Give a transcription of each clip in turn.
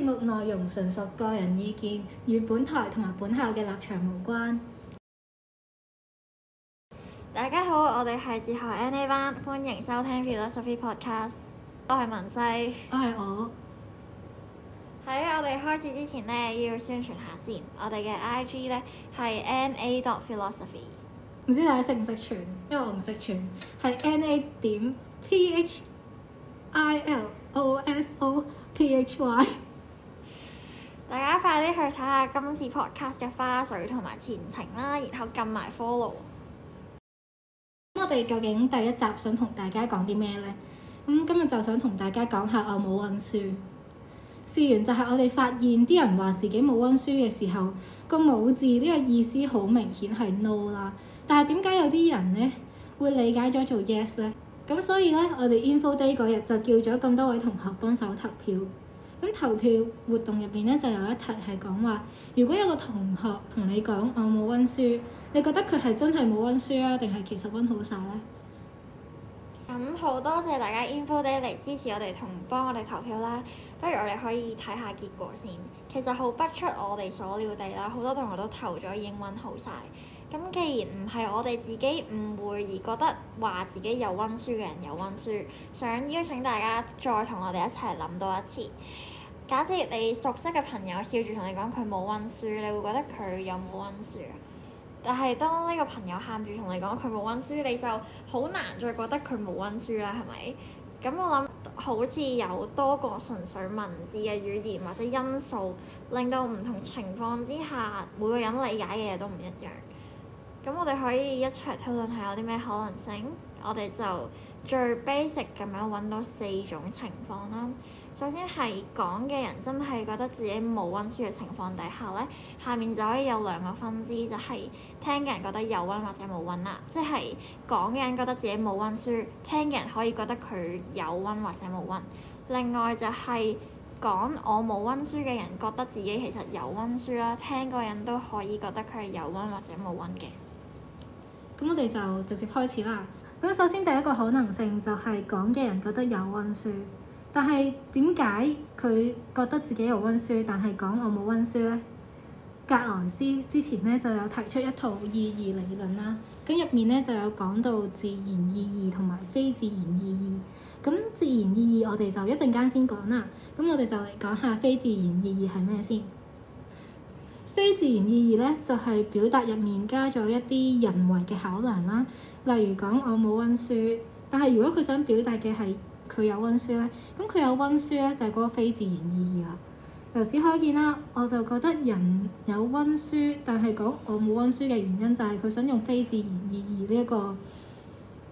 節目內容純屬個人意見，與本台同埋本校嘅立場無關。大家好，我哋係哲學 NA 班，歡迎收聽 Philosophy Podcast。我係文西，我係我。喺我哋開始之前呢，要宣傳下先。我哋嘅 IG 呢，係 NA dot Philosophy。唔知大家識唔識串？因為我唔識串，係 N A D O T P H I L O S O P H Y。大家快啲去睇下今次 podcast 嘅花絮同埋前情啦，然後撳埋 follow。咁我哋究竟第一集想同大家講啲咩呢？咁、嗯、今日就想同大家講下我冇溫書。事緣就係我哋發現，啲人話自己冇溫書嘅時候，個冇字呢個意思，好明顯係 no 啦。但係點解有啲人呢，會理解咗做 yes 呢？咁所以呢，我哋 info day 嗰日就叫咗咁多位同學幫手投票。咁投票活動入邊咧，就有一題係講話，如果有一個同學同你講我冇温書，你覺得佢係真係冇温書啊，定係其實温好晒呢？咁好多謝大家 Info Day 嚟支持我哋同幫我哋投票啦！不如我哋可以睇下結果先。其實好不出我哋所料地啦，好多同學都投咗已經温好晒。咁既然唔係我哋自己誤會而覺得話自己有温書嘅人有温書，想邀請大家再同我哋一齊諗多一次。假設你熟悉嘅朋友笑住同你講佢冇温書，你會覺得佢有冇温書啊？但係當呢個朋友喊住同你講佢冇温書，你就好難再覺得佢冇温書啦。係咪？咁我諗好似有多個純粹文字嘅語言或者因素，令到唔同情況之下每個人理解嘅嘢都唔一樣。咁我哋可以一齊討論下有啲咩可能性。我哋就最 basic 咁樣揾到四種情況啦。首先係講嘅人真係覺得自己冇温書嘅情況底下呢，下面就可以有兩個分支，就係聽嘅人覺得有温或者冇温啦。即係講嘅人覺得自己冇温書，聽嘅人可以覺得佢有温或者冇温。另外就係講我冇温書嘅人覺得自己其實有温書啦，聽嘅人都可以覺得佢係有温或者冇温嘅。咁我哋就直接開始啦。咁首先第一個可能性就係講嘅人覺得有温書，但係點解佢覺得自己有温書，但係講我冇温書呢？格萊斯之前呢就有提出一套意義理論啦，咁入面呢就有講到自然意義同埋非自然意義。咁自然意義我哋就一陣間先講啦。咁我哋就嚟講下非自然意義係咩先。非自然意義咧，就係表達入面加咗一啲人為嘅考量啦。例如講，我冇温書，但係如果佢想表達嘅係佢有温書咧，咁佢有温書咧就係嗰個非自然意義啦。由此可見啦，我就覺得人有温書，但係講我冇温書嘅原因就係佢想用非自然意義呢一個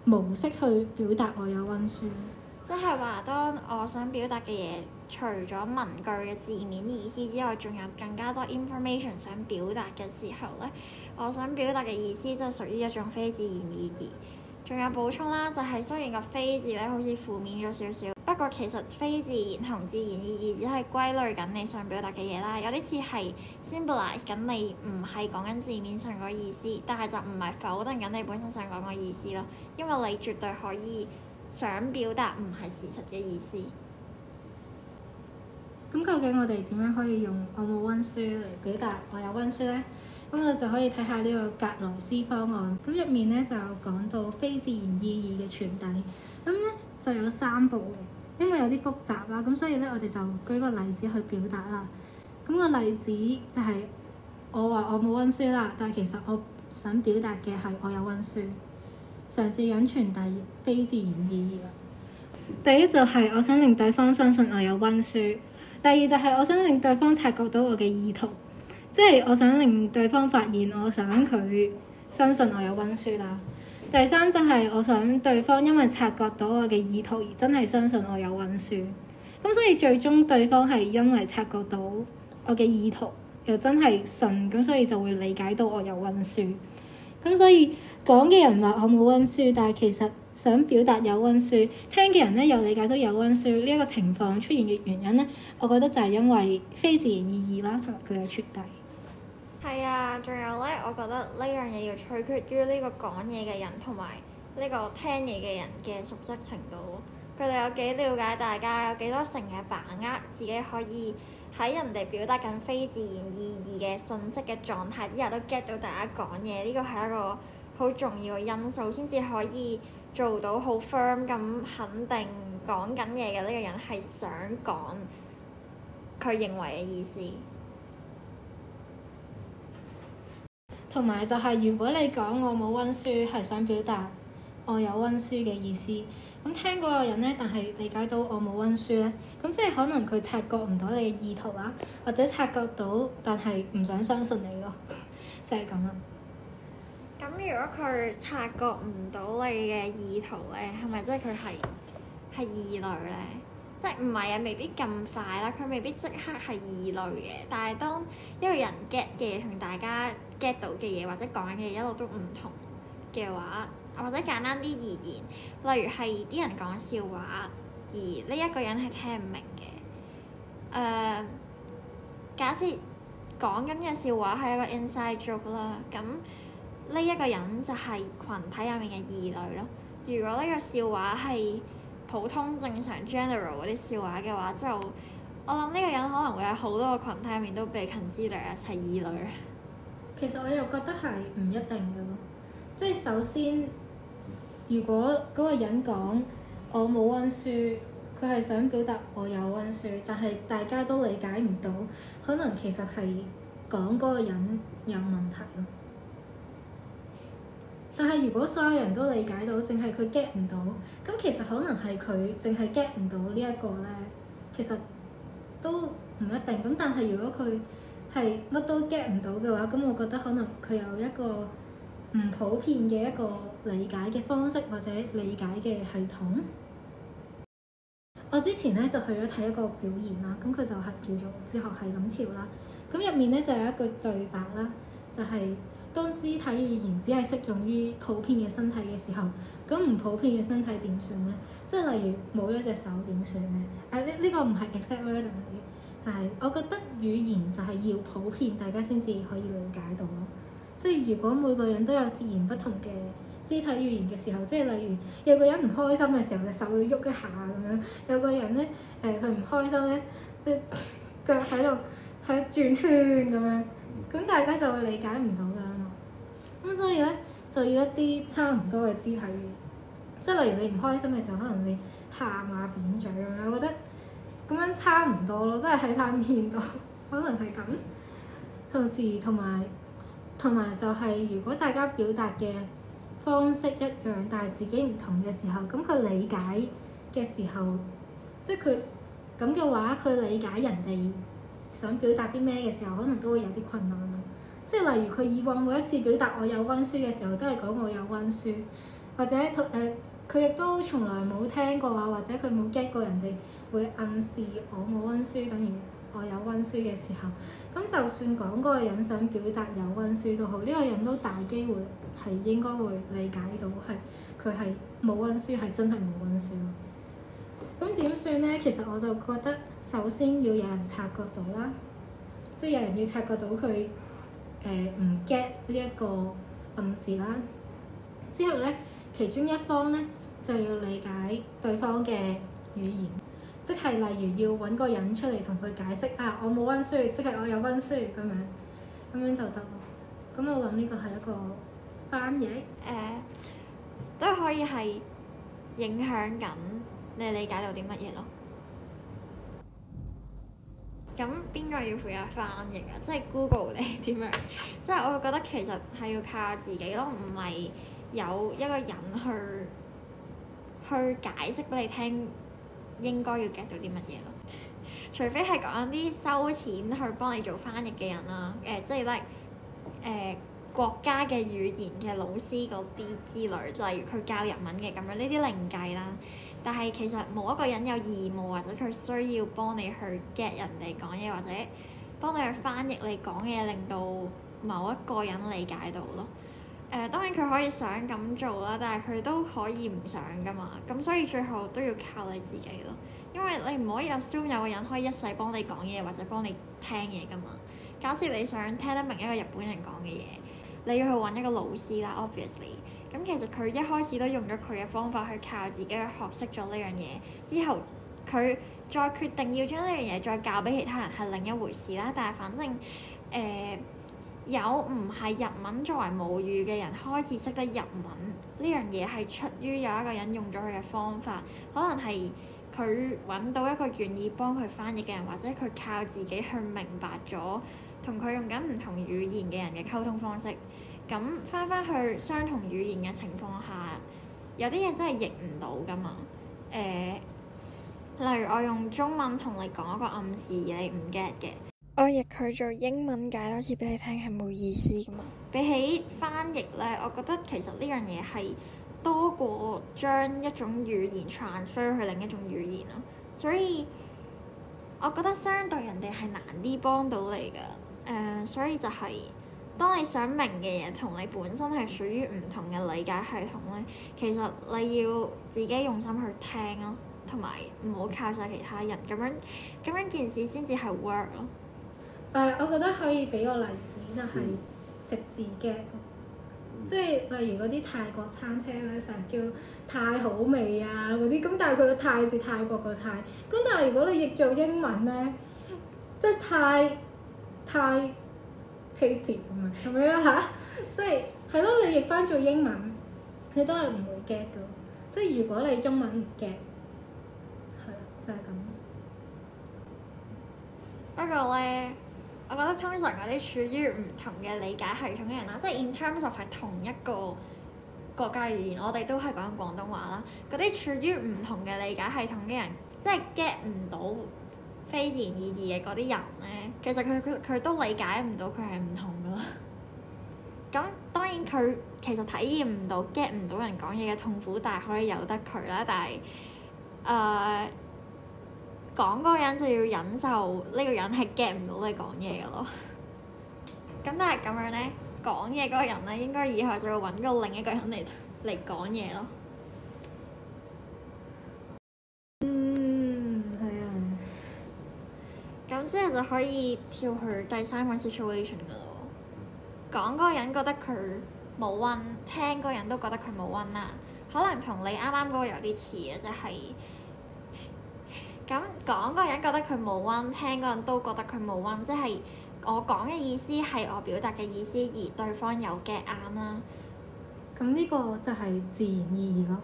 模式去表達我有温書。即係話，當我想表達嘅嘢，除咗文句嘅字面意思之外，仲有更加多 information 想表達嘅時候呢，我想表達嘅意思就屬於一種非自然意義。仲有補充啦，就係雖然個非字咧好似負面咗少少，不過其實非自然同自然意義只係歸類緊你想表達嘅嘢啦。有啲似係 symbolize 緊，你唔係講緊字面上個意思，但係就唔係否定緊你本身想講個意思咯，因為你絕對可以。想表達唔係事實嘅意思。咁究竟我哋點樣可以用我冇温書嚟表達我有温書呢？咁我就可以睇下呢個格萊斯方案。咁入面呢就講到非自然意義嘅傳遞。咁呢就有三步嘅，因為有啲複雜啦。咁所以呢，我哋就舉個例子去表達啦。咁個例子就係我話我冇温書啦，但係其實我想表達嘅係我有温書。嘗試隱存，第二，非自然意義啦。第一就係我想令對方相信我有温書。第二就係我想令對方察覺到我嘅意圖，即係我想令對方發現我想佢相信我有温書啦。第三就係我想對方因為察覺到我嘅意圖而真係相信我有温書。咁所以最終對方係因為察覺到我嘅意圖又真係信，咁所以就會理解到我有温書。咁所以講嘅人話我冇温書，但係其實想表達有温書。聽嘅人咧又理解到有温書呢一個情況出現嘅原因咧，我覺得就係因為非自然意義啦，同埋佢有出底。係啊，仲有咧，我覺得呢樣嘢要取決於呢個講嘢嘅人同埋呢個聽嘢嘅人嘅熟悉程度，佢哋有幾了解大家有幾多成嘅把握，自己可以喺人哋表達緊非自然意義嘅信息嘅狀態之下，都 get 到大家講嘢呢個係一個好重要嘅因素，先至可以做到好 firm 咁肯定講緊嘢嘅呢個人係想講佢認為嘅意思。同埋就係，如果你講我冇溫書，係想表達我有溫書嘅意思。咁聽嗰個人呢，但係理解到我冇溫書呢，咁即係可能佢察覺唔到你嘅意圖啦，或者察覺到，但係唔想相信你咯， 就係咁啦。咁如果佢察覺唔到你嘅意圖咧，係咪即係佢係係異類咧？即係唔係啊？未必咁快啦，佢未必即刻係異類嘅。但係當一個人 get 嘅嘢同大家 get 到嘅嘢或者講嘅嘢一路都唔同嘅話，或者簡單啲而言，例如係啲人講笑話，而呢一個人係聽唔明嘅。誒、呃，假設講緊嘅笑話係一個 inside joke 啦，咁。呢一個人就係群體入面嘅異類咯。如果呢個笑話係普通正常 general 嗰啲笑話嘅話，之後我諗呢個人可能會有好多個群體入面都被 consider，定一係異類。其實我又覺得係唔一定嘅咯。即係首先，如果嗰個人講我冇溫書，佢係想表達我有溫書，但係大家都理解唔到，可能其實係講嗰個人有問題咯。但係如果所有人都理解到，淨係佢 get 唔到，咁其實可能係佢淨係 get 唔到呢一個呢，其實都唔一定。咁但係如果佢係乜都 get 唔到嘅話，咁我覺得可能佢有一個唔普遍嘅一個理解嘅方式或者理解嘅系統。我之前呢就去咗睇一個表演啦，咁佢就係叫做《哲學係咁跳》啦。咁入面呢，就有一個對白啦，就係、是。當肢體語言只係適用於普遍嘅身體嘅時候，咁唔普遍嘅身體點算呢？即係例如冇咗隻手點算呢？誒呢呢個唔係 exception 嘅，但係我覺得語言就係要普遍，大家先至可以理解到咯。即係如果每個人都有截然不同嘅肢體語言嘅時候，即係例如有個人唔開心嘅時候，你手會喐一下咁樣；有個人呢，誒佢唔開心呢，腳喺度喺轉圈咁樣，咁大家就會理解唔到㗎。咁所以咧，就要一啲差唔多嘅肢體，即係例如你唔開心嘅時候，可能你喊啊扁嘴咁樣，我覺得咁樣差唔多咯，都係喺塊面度，可能係咁。同時同埋同埋就係如果大家表達嘅方式一樣，但係自己唔同嘅時候，咁佢理解嘅時候，即係佢咁嘅話，佢理解人哋想表達啲咩嘅時候，可能都會有啲困難。即係例如，佢以往每一次表達我有溫書嘅時候，都係講我有溫書，或者同誒佢亦都從來冇聽過啊，或者佢冇 get 過人哋會暗示我冇溫書，等於我有溫書嘅時候。咁就算講嗰個人想表達有溫書都好，呢個人都大機會係應該會理解到係佢係冇溫書，係真係冇溫書咯。咁點算呢？其實我就覺得，首先要有人察覺到啦，即係有人要察覺到佢。誒唔 get 呢一個暗示啦，之後咧其中一方咧就要理解對方嘅語言，即係例如要搵個人出嚟同佢解釋啊，我冇温書，即係我有温書咁樣，咁樣就得咯。咁我諗呢個係一個翻譯誒，uh, 都可以係影響緊你理解到啲乜嘢咯。咁邊個要負責翻譯啊？即係 Google 定係點樣？即係我覺得其實係要靠自己咯，唔係有一個人去去解釋俾你聽應該要 get 到啲乜嘢咯。 除非係講啲收錢去幫你做翻譯嘅人啦，誒、呃，即係咧誒國家嘅語言嘅老師嗰啲之類，例如佢教日文嘅咁樣呢啲另計啦。但係其實冇一個人有義務，或者佢需要幫你去 get 人哋講嘢，或者幫你去翻譯你講嘢，令到某一個人理解到咯。誒、呃、當然佢可以想咁做啦，但係佢都可以唔想噶嘛。咁所以最後都要靠你自己咯，因為你唔可以 assume 有個人可以一世幫你講嘢，或者幫你聽嘢噶嘛。假設你想聽得明一個日本人講嘅嘢，你要去揾一個老師啦，obviously。咁其實佢一開始都用咗佢嘅方法去靠自己去學識咗呢樣嘢，之後佢再決定要將呢樣嘢再教俾其他人係另一回事啦。但係反正誒、呃，有唔係日文作為母語嘅人開始識得日文呢樣嘢，係出於有一個人用咗佢嘅方法，可能係佢揾到一個願意幫佢翻譯嘅人，或者佢靠自己去明白咗同佢用緊唔同語言嘅人嘅溝通方式。咁翻翻去相同語言嘅情況下，有啲嘢真係譯唔到噶嘛？誒、呃，例如我用中文同你講一個暗示，你唔 get 嘅。我譯佢做英文解多次俾你聽，係冇意思噶嘛？比起翻譯咧，我覺得其實呢樣嘢係多過將一種語言 transfer 去另一種語言咯，所以我覺得相對人哋係難啲幫到你噶。誒、呃，所以就係、是。當你想明嘅嘢同你本身係屬於唔同嘅理解系統咧，其實你要自己用心去聽咯，同埋唔好靠晒其他人，咁樣咁樣這件事先至係 work 咯。誒，我覺得可以俾個例子，就係食字嘅，嗯、即係例如嗰啲泰國餐廳咧，成日叫泰好味啊嗰啲，咁但係佢個泰字，泰國個泰，咁但係如果你譯做英文咧，即係泰泰。c a 咁樣，係即係係咯，你譯翻做英文，你都係唔會 get 到。即係如果你中文唔 get，係就係、是、咁。不過咧，我覺得通常嗰啲處於唔同嘅理解系統嘅人啦，即係 in terms of 係同一個國家語言，我哋都係講廣東話啦。嗰啲處於唔同嘅理解系統嘅人，即係 get 唔到。非言異意嘅嗰啲人咧，其實佢佢佢都理解唔到佢係唔同噶咯。咁 當然佢其實體驗唔到 get 唔到人講嘢嘅痛苦，但係可以由得佢啦。但係誒講嗰個人就要忍受呢個人係 get 唔到你講嘢嘅咯。咁 但係咁樣咧，講嘢嗰個人咧，應該以後就要搵個另一個人嚟嚟講嘢咯。之後就可以跳去第三個 situation 噶咯。講嗰個人覺得佢冇溫，聽嗰人都覺得佢冇溫啦。可能同你啱啱嗰個有啲似啊，即係咁講嗰人覺得佢冇溫，聽嗰人都覺得佢冇溫，即係我講嘅意思係我表達嘅意思，而對方有嘅啱啦。咁呢個就係自然意義咯。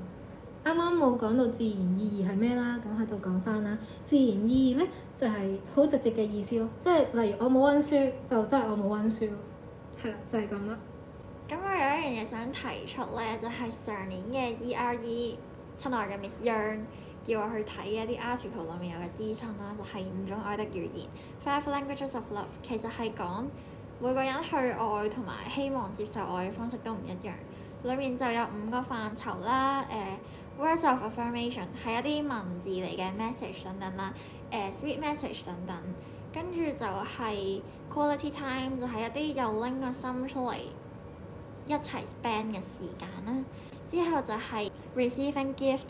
啱啱冇講到自然意義係咩啦？咁喺度講翻啦，自然意義咧。就係好直接嘅意思咯，即係例如我冇温書，就真係我冇温書咯，係啦，就係咁啦。咁我有一樣嘢想提出咧，就係上年嘅 ERE 親愛嘅 Miss Young 叫我去睇一啲 article 裡面有嘅資訊啦，就係五種愛的語言 five languages of love 其實係講每個人去愛同埋希望接受愛嘅方式都唔一樣。裡面就有五個範疇啦，呃，words of affirmation 係一啲文字嚟嘅 message 等等啦。誒 sweet message 等等，跟住就係 quality time，就係一啲又拎個心出嚟一齊 spend 嘅時間啦。之後就係 receiving gift、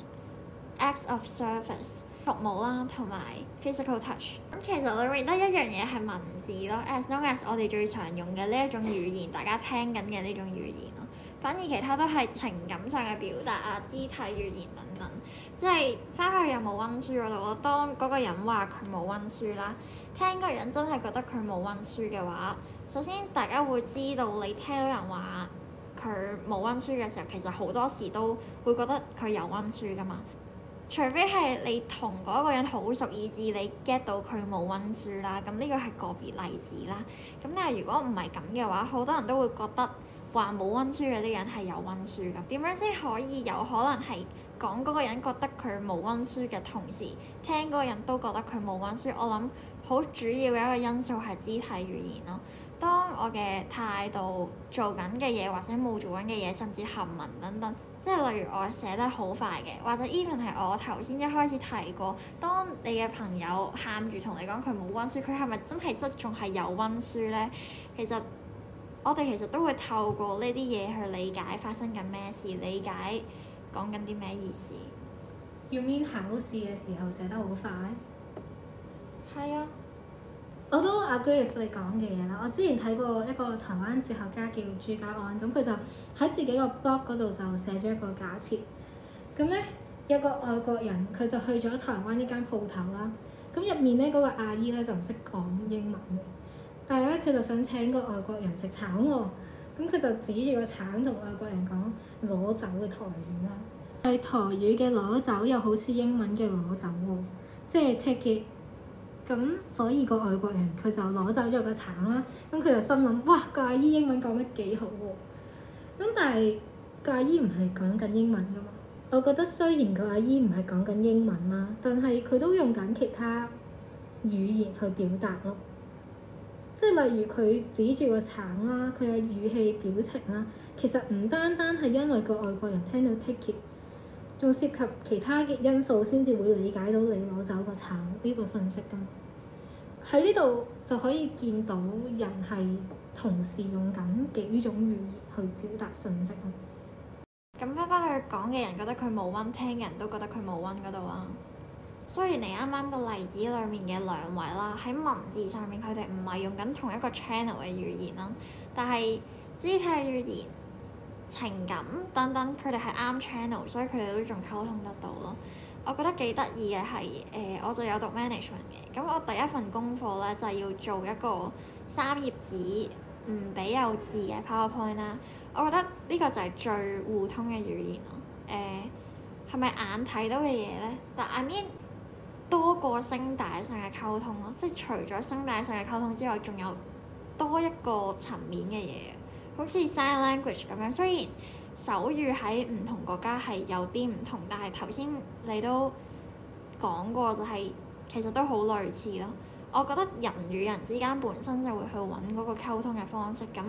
acts of service 服務啦，同埋 physical touch。咁其實我哋認得一樣嘢係文字咯。As long as 我哋最常用嘅呢一種語言，大家聽緊嘅呢種語言咯。反而其他都係情感上嘅表達啊，肢體語言等等。即係翻去又有冇温書嗰度？我當嗰個人話佢冇温書啦，聽嗰個人真係覺得佢冇温書嘅話，首先大家會知道你聽到人話佢冇温書嘅時候，其實好多時都會覺得佢有温書㗎嘛。除非係你同嗰個人好熟以，以至你 get 到佢冇温書啦。咁呢個係個別例子啦。咁但係如果唔係咁嘅話，好多人都會覺得話冇温書嗰啲人係有温書㗎。點樣先可以有可能係？講嗰個人覺得佢冇温書嘅同時，聽嗰個人都覺得佢冇温書。我諗好主要嘅一個因素係肢體語言咯。當我嘅態度、做緊嘅嘢或者冇做緊嘅嘢，甚至行文等等，即係例如我寫得好快嘅，或者 even 係我頭先一開始提過，當你嘅朋友喊住同你講佢冇温書，佢係咪真係即重係有温書呢？其實我哋其實都會透過呢啲嘢去理解發生緊咩事，理解。講緊啲咩意思？You mean 考試嘅時候寫得好快？係啊，我都 upgrade 你講嘅嘢啦。我之前睇過一個台灣哲學家叫朱家安，咁佢就喺自己個 blog 嗰度就寫咗一個假設。咁呢，有個外國人佢就去咗台灣一間鋪頭啦。咁入面呢個阿姨呢，就唔識講英文嘅，但係呢，佢就想請個外國人食炒咁佢就指住個橙同外國人講攞走嘅台語啦，係台語嘅攞走又好似英文嘅攞走喎，即係 take it。咁所以個外國人佢就攞走咗個橙啦。咁佢就心諗，哇個阿姨英文講得幾好喎，啊。咁但係個阿姨唔係講緊英文㗎嘛？我覺得雖然個阿姨唔係講緊英文啦，但係佢都用緊其他語言去表達咯。即係例如佢指住個橙啦，佢嘅語氣、表情啦，其實唔單單係因為個外國人聽到 take it，仲涉及其他嘅因素先至會理解到你攞走個橙呢個信息㗎。喺呢度就可以見到人係同時用緊幾種語言去表達信息咯。咁翻返去講嘅人覺得佢冇溫，聽嘅人都覺得佢冇溫嗰度啊。雖然你啱啱個例子裡面嘅兩位啦，喺文字上面佢哋唔係用緊同一個 channel 嘅語言啦，但係肢體語言、情感等等，佢哋係啱 channel，所以佢哋都仲溝通得到咯。我覺得幾得意嘅係誒，我就有讀 management 嘅，咁我第一份功課咧就係、是、要做一個三頁紙唔俾有字嘅 PowerPoint 啦。我覺得呢個就係最互通嘅語言咯。誒係咪眼睇到嘅嘢咧？但 I mean 多過聲帶上嘅溝通咯，即係除咗聲帶上嘅溝通之外，仲有多一個層面嘅嘢，好似 sign language 咁樣。雖然手語喺唔同國家係有啲唔同，但係頭先你都講過、就係，就係其實都好類似咯。我覺得人與人之間本身就會去揾嗰個溝通嘅方式。咁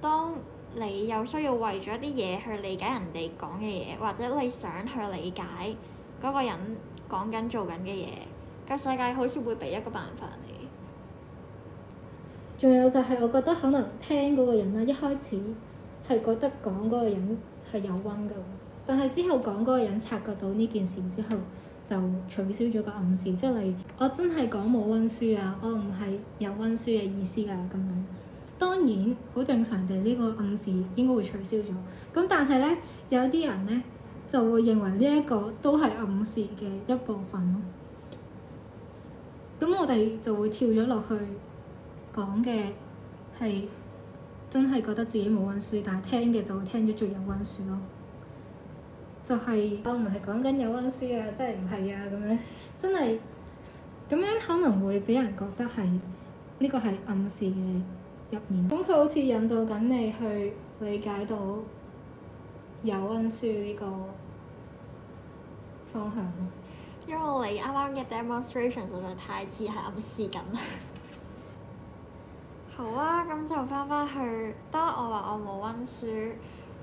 當你有需要為咗一啲嘢去理解人哋講嘅嘢，或者你想去理解嗰個人。講緊做緊嘅嘢，個世界好似會俾一個辦法你。仲有就係我覺得可能聽嗰個人啦，一開始係覺得講嗰個人係有溫㗎，但係之後講嗰個人察覺到呢件事之後，就取消咗個暗示，即係例如我真係講冇溫書啊，我唔係有溫書嘅意思㗎、啊、咁樣。當然好正常嘅呢、呢個暗示應該會取消咗，咁但係呢，有啲人呢。就會認為呢一個都係暗示嘅一部分咯。咁我哋就會跳咗落去講嘅係真係覺得自己冇温書，但係聽嘅就會聽咗最有温書咯。就係、是、我唔係講緊有温書啊，真係唔係啊咁樣，真係咁樣可能會俾人覺得係呢、這個係暗示嘅入面。咁佢好似引導緊你去理解到有温書呢、這個。方向，因為我嚟啱啱嘅 demonstration 實在太似係暗示緊。 好啊，咁就翻返去。當我話我冇溫書，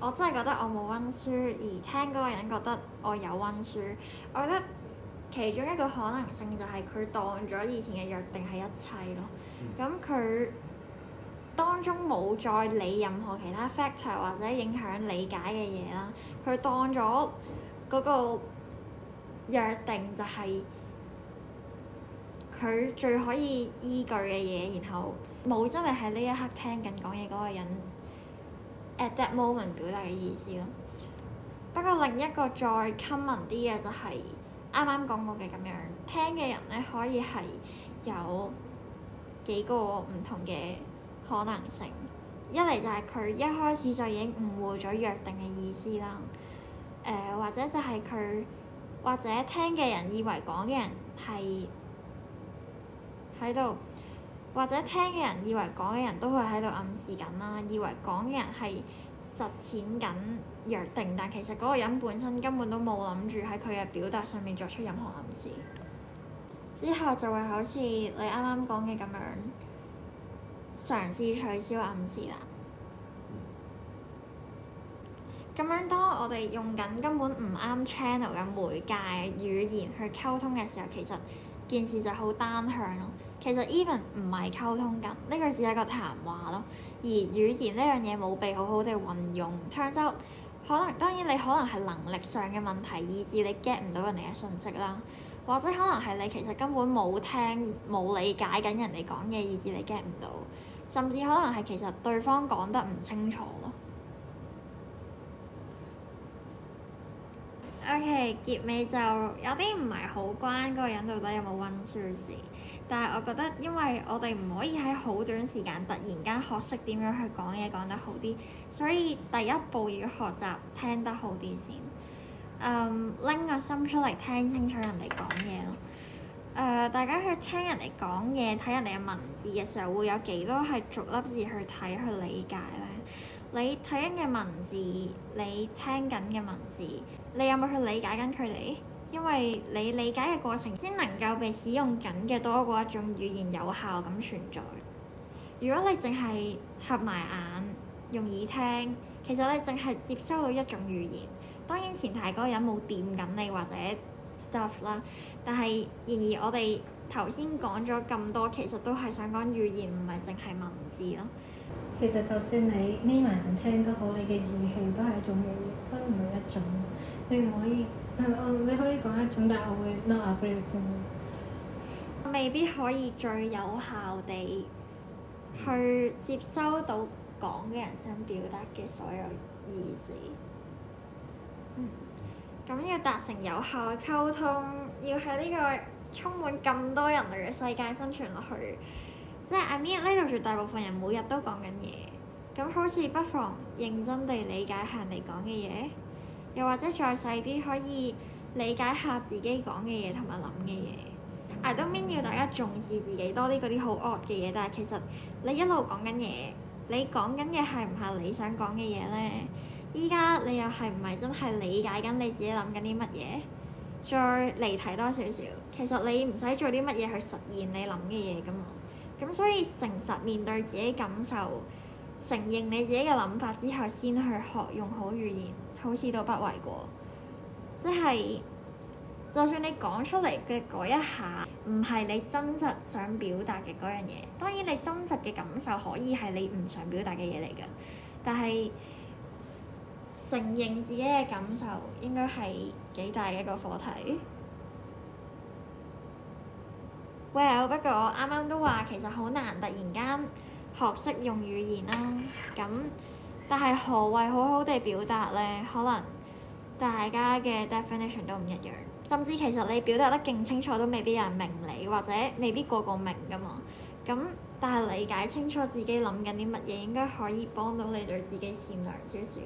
我真係覺得我冇溫書，而聽嗰個人覺得我有溫書。我覺得其中一個可能性就係佢當咗以前嘅約定係一切咯。咁佢、嗯、當中冇再理任何其他 factor 或者影響理解嘅嘢啦。佢當咗嗰、嗰個。約定就係佢最可以依據嘅嘢，然後冇真係喺呢一刻聽緊講嘢嗰個人 at that moment 表達嘅意思咯。不過另一個再 common 啲嘅就係啱啱講過嘅咁樣，聽嘅人咧可以係有幾個唔同嘅可能性。一嚟就係佢一開始就已經誤會咗約定嘅意思啦。誒、呃、或者就係佢。或者聽嘅人以為講嘅人係喺度，或者聽嘅人以為講嘅人都會喺度暗示緊啦。以為講嘅人係實踐緊約定，但其實嗰個人本身根本都冇諗住喺佢嘅表達上面作出任何暗示。之後就會好似你啱啱講嘅咁樣，嘗試取消暗示啦。咁樣當我哋用緊根本唔啱 channel 嘅媒介語言去溝通嘅時候，其實件事就好單向咯。其實 even 唔係溝通緊，呢句只係一個談話咯。而語言呢樣嘢冇被好好地運用，長洲可能當然你可能係能力上嘅問題，以致你 get 唔到人哋嘅信息啦，或者可能係你其實根本冇聽冇理解緊人哋講嘢，以致你 get 唔到，甚至可能係其實對方講得唔清楚咯。O.K. 結尾就有啲唔係好關嗰個人到底有冇溫書事，但係我覺得，因為我哋唔可以喺好短時間突然間學識點樣去講嘢講得好啲，所以第一步要學習聽得好啲先。嗯，拎個心出嚟聽清楚人哋講嘢咯。誒，大家去聽人哋講嘢，睇人哋嘅文字嘅時候，會有幾多係逐粒字去睇去理解呢？你睇緊嘅文字，你聽緊嘅文字。你有冇去理解緊佢哋？因為你理解嘅過程先能夠被使用緊嘅多過一種語言有效咁存在。如果你淨係合埋眼用耳聽，其實你淨係接收到一種語言。當然前提嗰個人冇掂緊你或者 stuff 啦。但係然而我哋頭先講咗咁多，其實都係想講語言唔係淨係文字咯。其實就算你匿埋唔聽都好，你嘅語氣都係一種語言，所以唔係一種。你唔可以係啊，你可以講一種，但係我會鬧下佢嘅。我、嗯、未必可以最有效地去接收到講嘅人想表達嘅所有意思。嗯，咁要達成有效嘅溝通，要喺呢個充滿咁多人類嘅世界生存落去，即係阿 I mean 呢度絕大部分人每日都講緊嘢，咁好似不妨認真地理解下人哋講嘅嘢。又或者再細啲，可以理解下自己講嘅嘢同埋諗嘅嘢。I don't mean 要大家重視自己多啲嗰啲好惡嘅嘢，但係其實你一路講緊嘢，你講緊嘅係唔係你想講嘅嘢呢？依家你又係唔係真係理解緊你自己諗緊啲乜嘢？再離題多少少，其實你唔使做啲乜嘢去實現你諗嘅嘢㗎嘛。咁所以誠實面對自己感受，承認你自己嘅諗法之後，先去學用好語言。好似都不為過，即係就算你講出嚟嘅嗰一下唔係你真實想表達嘅嗰樣嘢，當然你真實嘅感受可以係你唔想表達嘅嘢嚟嘅，但係承認自己嘅感受應該係幾大嘅一個課題。Well，不過我啱啱都話其實好難，突然間學識用語言啦、啊，咁。但係何謂好好地表達呢？可能大家嘅 definition 都唔一樣，甚至其實你表達得勁清楚都未必有人明你，或者未必個個明噶嘛。咁但係理解清楚自己諗緊啲乜嘢，應該可以幫到你對自己善良少少。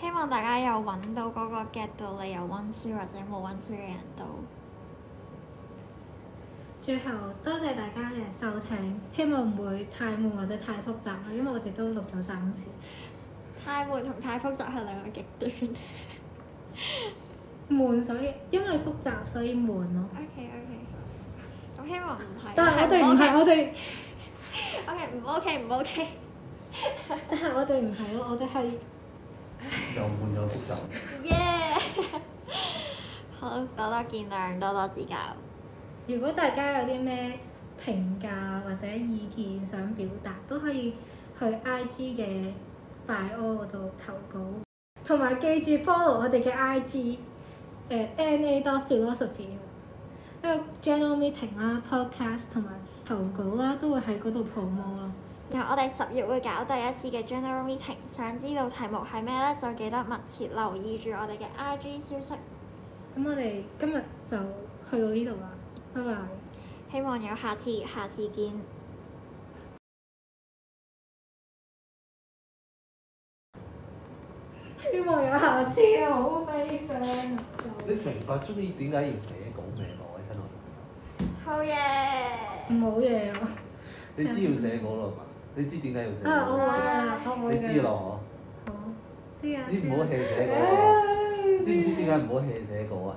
希望大家有揾到嗰個 get 到你有溫書或者冇溫書嘅人都。最後多謝大家嘅收聽，希望唔會太悶或者太複雜，因為我哋都錄咗三次。太悶同太複雜係兩個極端。 悶所以因為複雜所以悶咯。O K O K，咁希望唔係。但係我哋唔係我哋。O K 唔 O K 唔 O K。但係我哋唔係咯，我哋係又悶又複雜。耶 Yeah! 好，多多見諒，多多指教。如果大家有啲咩評價或者意見想表達，都可以去 i g 嘅 bio 度投稿，同埋記住 follow 我哋嘅 i g 誒 n a dot philosophy 一個 general meeting 啦、podcast 同埋投稿啦，都會喺嗰度 promote 咯。然後我哋十月會搞第一次嘅 general meeting，想知道題目係咩呢？就記得密切留意住我哋嘅 i g 消息。咁我哋今日就去到呢度啦。希望有下次，下次見。希望有下次好悲傷。你明白中意點解要寫稿咩？我偉親我。冇嘢。唔好嘢。你知要寫稿咯？嘛？你知點解要寫稿？啊，你知咯？嗬。知唔好棄寫稿。知唔知點解唔好棄寫稿啊？